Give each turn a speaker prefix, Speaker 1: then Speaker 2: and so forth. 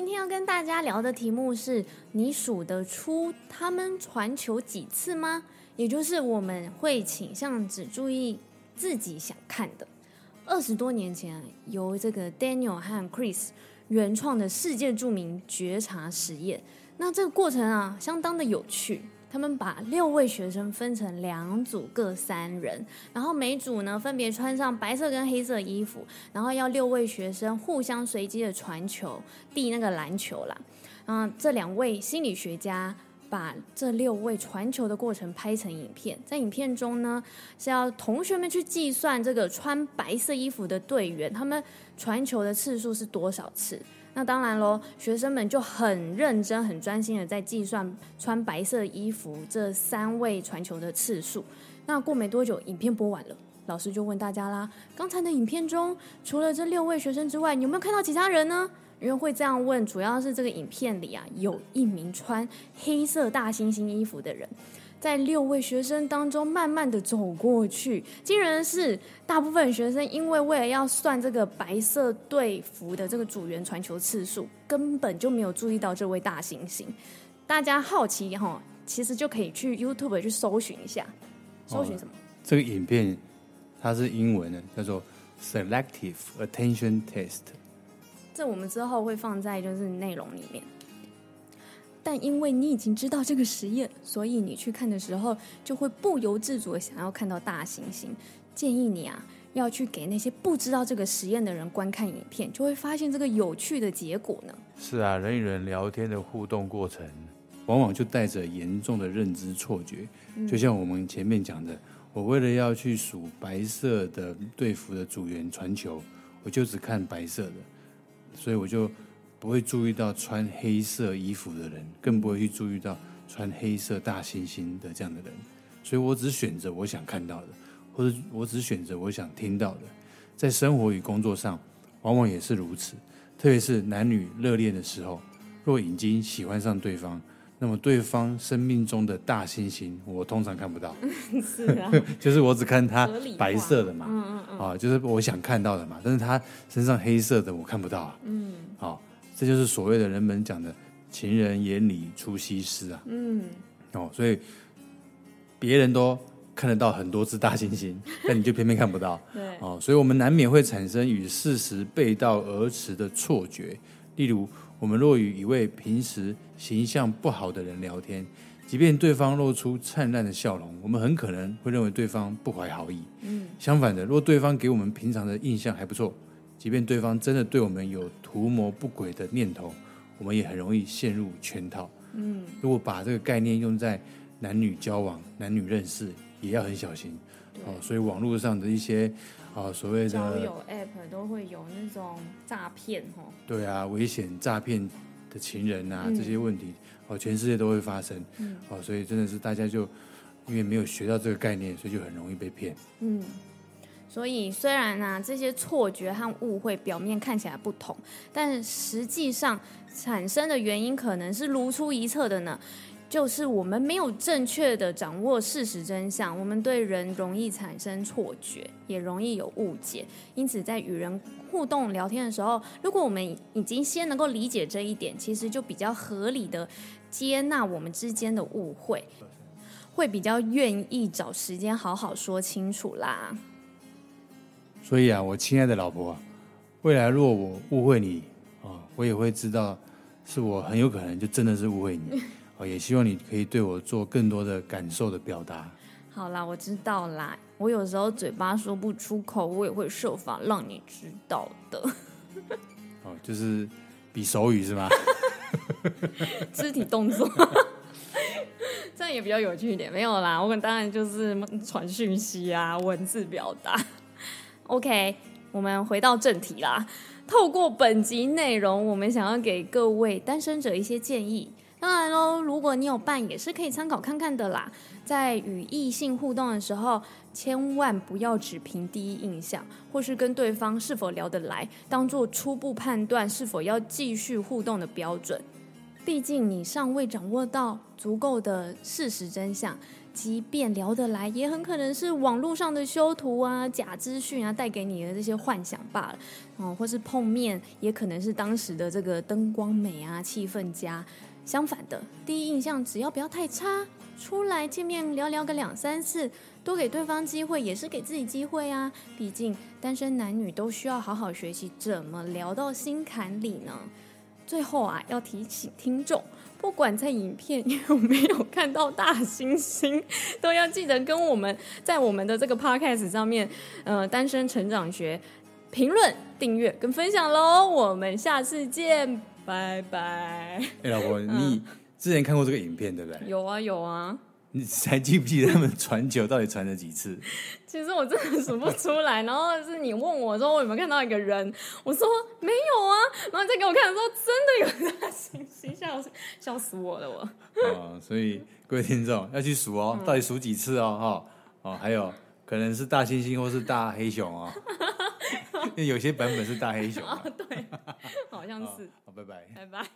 Speaker 1: 今天要跟大家聊的題目是：你數得出他們傳球幾次嗎？也就是我們會傾向只注意自己想看的。二十多年前，由這個 Daniel 和 Chris 原創的世界著名覺察實驗，那這個過程啊，相當的有趣。他們把六位學生分成兩組，各三人，然後每組呢分別穿上白色跟黑色衣服，然後要六位學生互相隨機的傳球，遞那個籃球啦。然後這兩位心理學家把這六位傳球的過程拍成影片，在影片中呢是要同學們去計算這個穿白色衣服的隊員他們傳球的次數是多少次。那當然嘍，學生們就很認真、很專心地在計算穿白色衣服這三位傳球的次數。那過沒多久，影片播完了，老師就問大家啦：“剛才的影片中，除了這六位學生之外，你有沒有看到其他人呢？”因為會這樣問，主要是這個影片裡啊，有一名穿黑色大猩猩衣服的人。在六位學生當中，慢慢的走過去。竟然是，大部分學生因為為了要算這個白色隊服的這個組員傳球次數，根本就沒有注意到這位大猩猩。大家好奇後其實就可以去 YouTube 去搜尋一下。搜尋什
Speaker 2: 麼？哦、這個影片它是英文的，叫做 Selective Attention Test。
Speaker 1: 這我們之後會放在就是內容裡面。但因為你已經知道這個實驗，所以你去看的時候就會不由自主的想要看到大猩猩。建議你啊，要去給那些不知道這個實驗的人觀看影片，就會發現這個有趣的結果呢。
Speaker 2: 是啊，人與人聊天的互動過程，往往就帶着嚴重的認知錯覺。就像我們前面講的，我為了要去數白色的隊服的組員傳球，我就只看白色的，所以我就。不會注意到穿黑色衣服的人，更不會去注意到穿黑色大猩猩的這樣的人。所以我只選擇我想看到的，或者我只選擇我想聽到的。在生活與工作上，往往也是如此。特別是男女熱戀的時候，若已經喜歡上對方，那麼對方生命中的大猩猩，我通常看不到。是啊， 就是我只看他白色的嘛，啊、嗯嗯，就是我想看到的嘛，但是他身上黑色的我看不到。啊。嗯，好、哦。這就是所謂的人們講的“情人眼裡出西施”啊，嗯，哦，所以別人都看得到很多只大猩猩， 但你就偏偏看不到，對，哦，所以我們難免會產生與事實背道而馳的錯覺。例如，我們若與一位平時形象不好的人聊天，即便對方露出燦爛的笑容，我們很可能會認為對方不懷好意。嗯，相反的，若對方給我們平常的印象還不錯。即便對方真的對我們有圖謀不軌的念頭，我們也很容易陷入圈套。嗯，如果把這個概念用在男女交往、男女認識，也要很小心。哦，所以網絡上的一些、哦、所謂的交友 App 都會有
Speaker 1: 那種詐騙，
Speaker 2: 對、哦、啊，危險詐騙的情人啊、嗯、這些問題，哦，全世界都會發生。嗯、哦，所以真的是大家就因為沒有學到這個概念，所以就很容易被騙。嗯。
Speaker 1: 所以，雖然呢、啊，這些錯覺和誤會表面看起來不同，但實際上產生的原因可能是如出一轍的呢。就是我們沒有正確地掌握事實真相，我們對人容易產生錯覺，也容易有誤解。因此，在與人互動聊天的時候，如果我們已經先能夠理解這一點，其實就比較合理地接納我們之間的誤會，會比較願意找時間好好說清楚啦。
Speaker 2: 所以啊，我親愛的老婆，未來如果我誤會你，哦，我也會知道，是我很有可能就真的是誤會你，哦。也希望你可以對我做更多的感受的表
Speaker 1: 達。好啦，我知道啦，我有時候嘴巴說不出口，我也會設法讓你知道的。哦，
Speaker 2: 就是比手語是嗎？
Speaker 1: 肢體動作 這樣也比較有趣一點。沒有啦，我們當然就是傳訊息啊，文字表達。OK，我們回到正題啦。透過本集內容，我們想要給各位單身者一些建議。當然嘍，如果你有伴，也是可以參考看看的啦。在與異性互動的時候，千萬不要只憑第一印象，或是跟對方是否聊得來，當做初步判斷是否要繼續互動的標準。畢竟你尚未掌握到足夠的事實真相。即便聊得來，也很可能是網絡上的修圖啊、假資訊啊帶給你的這些幻想罷了。嗯，或是碰面，也可能是當時的這個燈光美啊、氣氛佳。相反的，第一印象只要不要太差，出來見面聊聊個兩三次，多給對方機會，也是給自己機會啊。畢竟單身男女都需要好好學習，怎麼聊到心坎裡呢？最後啊，要提醒聽眾，不管在影片有沒有看到大猩猩，都要記得跟我們在我們的這個 podcast 上面，呃，單身成長學評論、訂閱跟分享嘍。我們下次見，拜拜。哎、
Speaker 2: 欸，老婆、嗯，你之前看過這個影片對不對？
Speaker 1: 有啊，有啊。
Speaker 2: 你還記不記得他們傳球到底傳了幾次？
Speaker 1: 其實我真的數不出來。 然後是你問我說我有沒有看到一個人？我說沒有啊。然後你再給我看的時候，真的有大猩猩，笑死笑死我了我，
Speaker 2: 我、哦。所以各位聽眾要去數哦、嗯，到底數幾次哦？哦，哦還有可能是大猩猩或是大黑熊哦。 因為有些版本是大黑熊。 哦、對，好像是。好、哦，拜拜。拜拜。